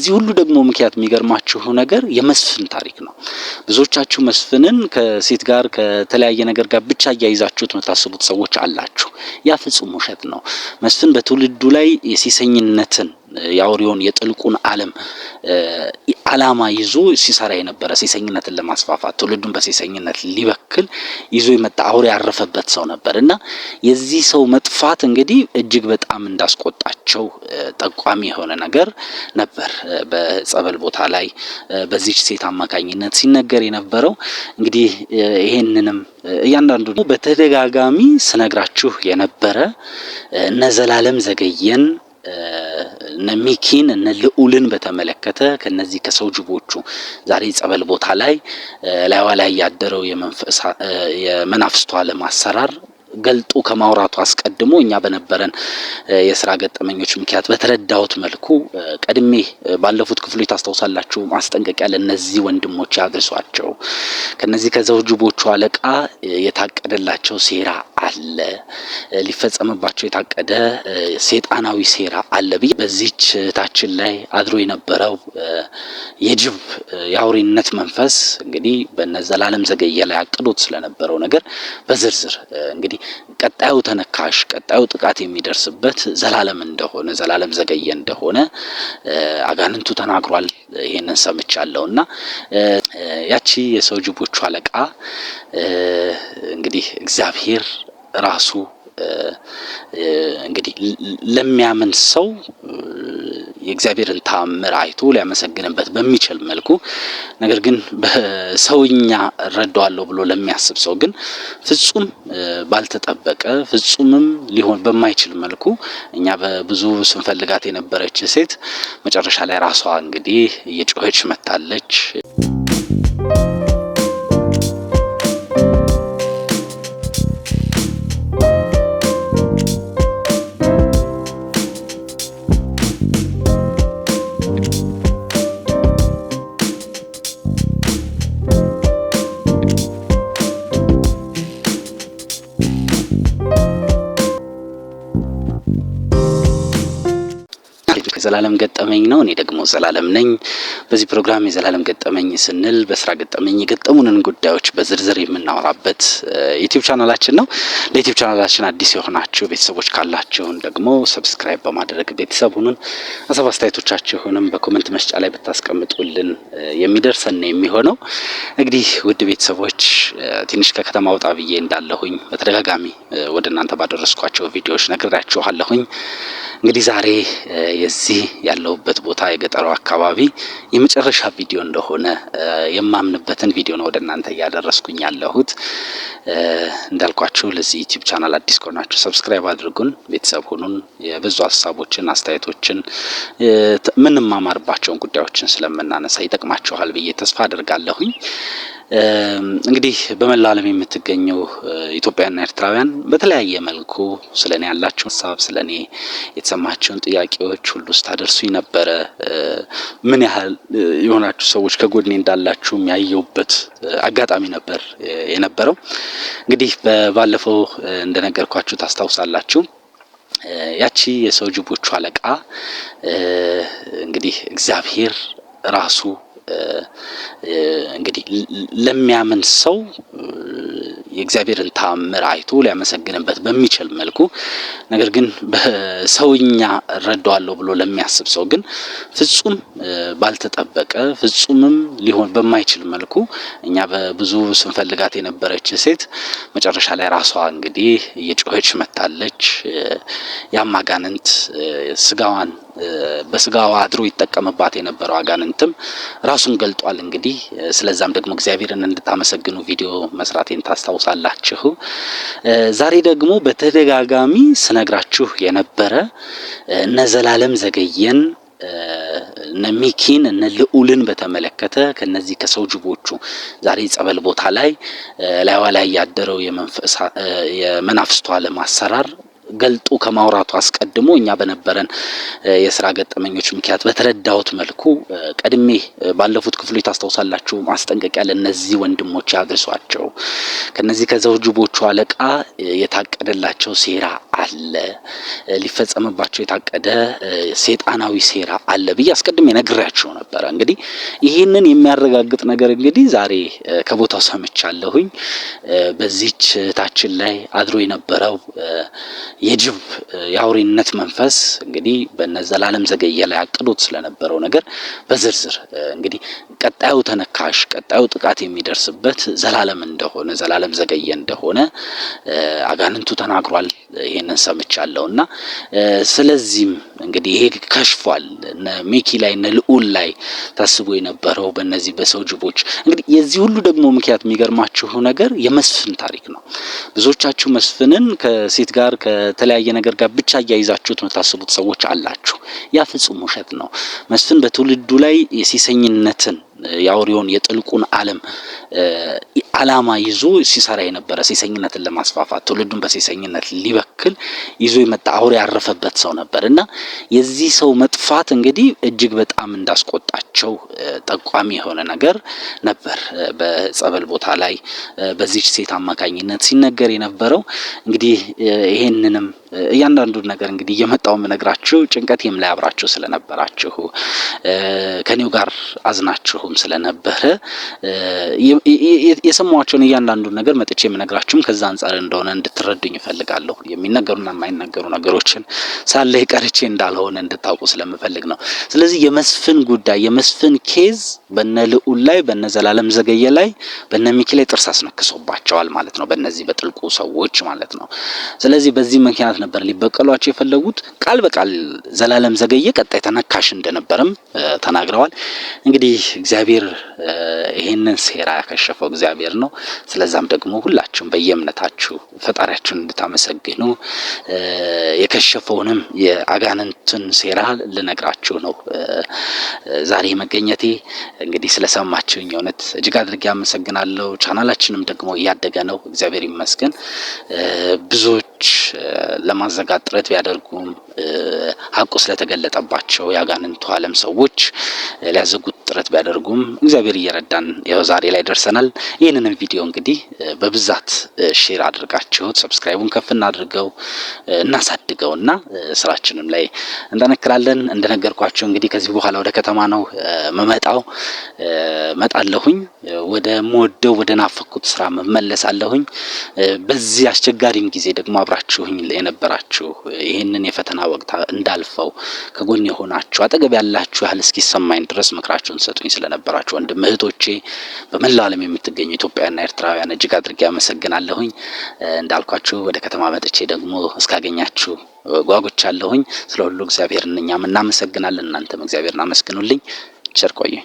ለዚህ ሁሉ ደግሞ ምክንያት የሚገርማችሁ ነገር የመስፍን ታሪክ ነው። ብዙዎቻችሁ መስፍንን ከሴት ጋር ከተለያየ ነገር ጋር ብቻ እያይዛችሁት የምታስቡት ሰዎች አላችሁ። ያ ፍጹም ውሸት ነው። መስፍን በትውልዱ ላይ የሴሰኝነትን የአውሬውን የጥልቁን ዓለም አላማ ይዞ ሲሰራ የነበረ ሴሰኝነትን ለማስፋፋት ትውልዱን በሴሰኝነት ሊበክል ይዞ የመጣ አውሬ ያረፈበት ሰው ነበር እና የዚህ ሰው መጥፋት እንግዲህ እጅግ በጣም እንዳስቆጣቸው ጠቋሚ የሆነ ነገር ነበር በጸበል ቦታ ላይ በዚች ሴት አማካኝነት ሲነገር የነበረው። እንግዲህ ይሄንንም እያንዳንዱ በተደጋጋሚ ስነግራችሁ የነበረ እነ ዘላለም ዘገየን እነ ሚኪን እነ ልዑልን በተመለከተ ከነዚህ ከሰው ጅቦቹ ዛሬ ጸበል ቦታ ላይ ላይዋ ላይ ያደረው የመናፍስቱ ዓለም አሰራር ገልጦ ከማውራቱ አስቀድሞ እኛ በነበረን የስራ ገጠመኞች ምክንያት በተረዳሁት መልኩ ቀድሜ ባለፉት ክፍሎች ታስታውሳላችሁ ማስጠንቀቂያ ለእነዚህ ወንድሞች ያድርሷቸው። ከነዚህ ከዘውጅቦቹ አለቃ የታቀደላቸው ሴራ አለ፣ ሊፈጸምባቸው የታቀደ ሴጣናዊ ሴራ አለ ብዬ በዚች ታችን ላይ አድሮ የነበረው የጅብ የአውሬነት መንፈስ እንግዲህ በነ ዘላለም ዘገየ ላይ አቅዶት ስለነበረው ነገር በዝርዝር እንግዲህ ቀጣዩ ተነካሽ ቀጣዩ ጥቃት የሚደርስበት ዘላለም እንደሆነ ዘላለም ዘገየ እንደሆነ አጋንንቱ ተናግሯል። ይሄንን ሰምቻለሁ እና ያቺ የሰው ጅቦቹ አለቃ እንግዲህ እግዚአብሔር ራሱ እንግዲህ ለሚያምን ሰው የእግዚአብሔርን ታምር አይቶ ሊያመሰግንበት በሚችል መልኩ ነገር ግን በሰውኛ እረዳዋለሁ ብሎ ለሚያስብ ሰው ግን ፍጹም ባልተጠበቀ ፍጹምም ሊሆን በማይችል መልኩ እኛ በብዙ ስንፈልጋት የነበረች ሴት መጨረሻ ላይ ራሷ እንግዲህ እየጮኸች መታለች። ከዘላለም ገጠመኝ ነው። እኔ ደግሞ ዘላለም ነኝ። በዚህ ፕሮግራም የዘላለም ገጠመኝ ስንል በስራ ገጠመኝ የገጠሙንን ጉዳዮች በዝርዝር የምናወራበት ዩቲዩብ ቻናላችን ነው። ለዩቲዩብ ቻናላችን አዲስ የሆናችሁ ቤተሰቦች ካላችሁን ደግሞ ሰብስክራይብ በማድረግ ቤተሰብ ሁኑን። ሀሳብ አስተያየቶቻችሁንም በኮመንት መስጫ ላይ ብታስቀምጡልን የሚደርሰን የሚሆነው። እንግዲህ ውድ ቤተሰቦች ትንሽ ከከተማ ወጣ ብዬ እንዳለሁኝ በተደጋጋሚ ወደ እናንተ ባደረስኳቸው ቪዲዮዎች ነግራችኋለሁኝ። እንግዲህ ዛሬ የዚህ እዚህ ያለሁበት ቦታ የገጠሩ አካባቢ የመጨረሻ ቪዲዮ እንደሆነ የማምንበትን ቪዲዮ ነው ወደ እናንተ እያደረስኩኝ ያለሁት። እንዳልኳችሁ ለዚህ ዩቲዩብ ቻናል አዲስ ከሆናችሁ ሰብስክራይብ አድርጉን፣ ቤተሰብ ሁኑን። የብዙ ሀሳቦችን፣ አስተያየቶችን ምንማማርባቸውን ጉዳዮችን ስለምናነሳ ይጠቅማችኋል ብዬ ተስፋ አድርጋለሁኝ። እንግዲህ በመላው ዓለም የምትገኘው ኢትዮጵያና ኤርትራውያን በተለያየ መልኩ ስለ እኔ ያላችሁ ሀሳብ ስለ እኔ የተሰማቸውን ጥያቄዎች ሁሉ ስታደርሱኝ ነበረ። ምን ያህል የሆናችሁ ሰዎች ከጎድኔ እንዳላችሁ የሚያየውበት አጋጣሚ ነበር የነበረው። እንግዲህ ባለፈው እንደነገርኳችሁ ታስታውሳላችሁ። ያቺ የሰው ጅቦቹ አለቃ እንግዲህ እግዚአብሔር ራሱ እንግዲህ ለሚያምን ሰው የእግዚአብሔርን ታምር አይቶ ሊያመሰግንበት በሚችል መልኩ ነገር ግን በሰውኛ እረዳዋለሁ ብሎ ለሚያስብ ሰው ግን ፍጹም ባልተጠበቀ ፍጹምም ሊሆን በማይችል መልኩ እኛ በብዙ ስንፈልጋት የነበረች ሴት መጨረሻ ላይ ራሷ እንግዲህ እየጮኸች መታለች። ያማጋንንት ስጋዋን በስጋዋ አድሮ ይጠቀምባት የነበረው አጋንንትም ራሱን ገልጧል። እንግዲህ ስለዛም ደግሞ እግዚአብሔርን እንድታመሰግኑ ቪዲዮ መስራቴን ታስታውሳላችሁ። ዛሬ ደግሞ በተደጋጋሚ ስነግራችሁ የነበረ እነ ዘላለም ዘገየን እነ ሚኪን እነ ልዑልን በተመለከተ ከነዚህ ከሰው ጅቦቹ ዛሬ ጸበል ቦታ ላይ ላይዋ ላይ ያደረው የመናፍስቷ ዓለም አሰራር ገልጦ ከማውራቱ አስቀድሞ እኛ በነበረን የስራ ገጠመኞች ምክንያት በተረዳሁት መልኩ ቀድሜ ባለፉት ክፍሎች ታስታውሳላችሁ ማስጠንቀቂያ ለእነዚህ ወንድሞች ያድርሷቸው ከነዚህ ከዘውጅቦቹ አለቃ የታቀደላቸው ሴራ አለ፣ ሊፈጸምባቸው የታቀደ ሴጣናዊ ሴራ አለ ብዬ አስቀድሜ ነግሬያቸው ነበረ። እንግዲህ ይህንን የሚያረጋግጥ ነገር እንግዲህ ዛሬ ከቦታው ሰምቻለሁኝ። በዚች እህታችን ላይ አድሮ የነበረው የጅብ የአውሬነት መንፈስ እንግዲህ በነ ዘላለም ዘገየ ላይ አቅዶት ስለነበረው ነገር በዝርዝር እንግዲህ ቀጣዩ ተነካሽ ቀጣዩ ጥቃት የሚደርስበት ዘላለም እንደሆነ ዘላለም ዘገየ እንደሆነ አጋንንቱ ተናግሯል። ይሄንን ሰምቻለሁ እና ስለዚህም እንግዲህ ይሄ ከሽፏል። እነ ሜኪ ላይ እነ ልዑል ላይ ታስቦ የነበረው በእነዚህ በሰው ጅቦች እንግዲህ የዚህ ሁሉ ደግሞ ምክንያት የሚገርማችሁ ነገር የመስፍን ታሪክ ነው። ብዙዎቻችሁ መስፍንን ከሴት ጋር ከተለያየ ነገር ጋር ብቻ እያይዛችሁት መታስቡት ሰዎች አላችሁ። ያ ፍጹም ውሸት ነው። መስፍን በትውልዱ ላይ የሲሰኝነትን የአውሬውን የጥልቁን ዓለም አላማ ይዞ ሲሰራ የነበረ ሴሰኝነትን ለማስፋፋት ትውልዱን በሴሰኝነት ሊበክል ይዞ የመጣ አውሬ ያረፈበት ሰው ነበር እና የዚህ ሰው መጥፋት እንግዲህ እጅግ በጣም እንዳስቆጣቸው ጠቋሚ የሆነ ነገር ነበር። በጸበል ቦታ ላይ በዚች ሴት አማካኝነት ሲነገር የነበረው እንግዲህ ይሄንንም እያንዳንዱን ነገር እንግዲህ እየመጣው የምነግራችሁ ጭንቀቴም ላይ አብራችሁ ስለነበራችሁ ከኔው ጋር አዝናችሁም ስለነበረ የሰማቸውን እያንዳንዱን ነገር መጥቼ የምነግራችሁም ከዛ አንጻር እንደሆነ እንድትረዱኝ እፈልጋለሁ። የሚነገሩና የማይነገሩ ነገሮችን ሳለይ ቀርቼ እንዳልሆነ እንድታውቁ ስለምፈልግ ነው። ስለዚህ የመስፍን ጉዳይ የመስፍን ኬዝ በነ ልዑል ላይ በነ ዘላለም ዘገየ ላይ በነ ሚኪ ላይ ጥርስ አስነክሶባቸዋል ማለት ነው። በነዚህ በጥልቁ ሰዎች ማለት ነው። ስለዚህ በዚህ ምክንያት ነበር ሊበቀሏቸው የፈለጉት። ቃል በቃል ዘላለም ዘገየ ቀጣይ ተነካሽ እንደነበረም ተናግረዋል። እንግዲህ እግዚአብሔር ይሄንን ሴራ የከሸፈው እግዚአብሔር ነው። ስለዛም ደግሞ ሁላችሁም በየእምነታችሁ ፈጣሪያችሁን እንድታመሰግኑ የከሸፈውንም የአጋንንትን ሴራ ልነግራችሁ ነው ዛሬ መገኘቴ። እንግዲህ ስለሰማችሁኝ እውነት እጅግ አድርጌ አመሰግናለሁ። ቻናላችንም ደግሞ እያደገ ነው፣ እግዚአብሔር ይመስገን ብዙ ሰዎች ለማዘጋት ጥረት ቢያደርጉም ሀቁ ስለተገለጠባቸው የአጋንንቱ ዓለም ሰዎች ሊያዘጉት ጥረት ቢያደርጉም እግዚአብሔር እየረዳን ያው ዛሬ ላይ ደርሰናል። ይህንንም ቪዲዮ እንግዲህ በብዛት ሼር አድርጋችሁት ሰብስክራይቡን ከፍ እናድርገው እናሳድገው እና ስራችንም ላይ እንጠነክራለን። እንደነገርኳቸው እንግዲህ ከዚህ በኋላ ወደ ከተማ ነው መመጣው መጣለሁኝ ወደ ምወደው ወደ ናፈኩት ስራ መመለሳለሁኝ። በዚህ አስቸጋሪም ጊዜ ደግሞ አብራችሁኝ የነበራችሁ ይህንን የፈተና ወቅት እንዳልፈው ከጎን የሆናችሁ አጠገብ ያላችሁ ያህል እስኪሰማኝ ድረስ ምክራችሁን ሰጡኝ ስለነበራችሁ ወንድም እህቶቼ በመላው ዓለም የምትገኙ ኢትዮጵያውያንና ኤርትራውያን እጅግ አድርጌ አመሰግናለሁኝ። እንዳልኳችሁ ወደ ከተማ መጥቼ ደግሞ እስካገኛችሁ ጓጉቻ አለሁኝ። ስለ ሁሉ እግዚአብሔርን እኛም እናመሰግናለን። እናንተም እግዚአብሔርን አመስግኑልኝ። ቸር ቆዩኝ።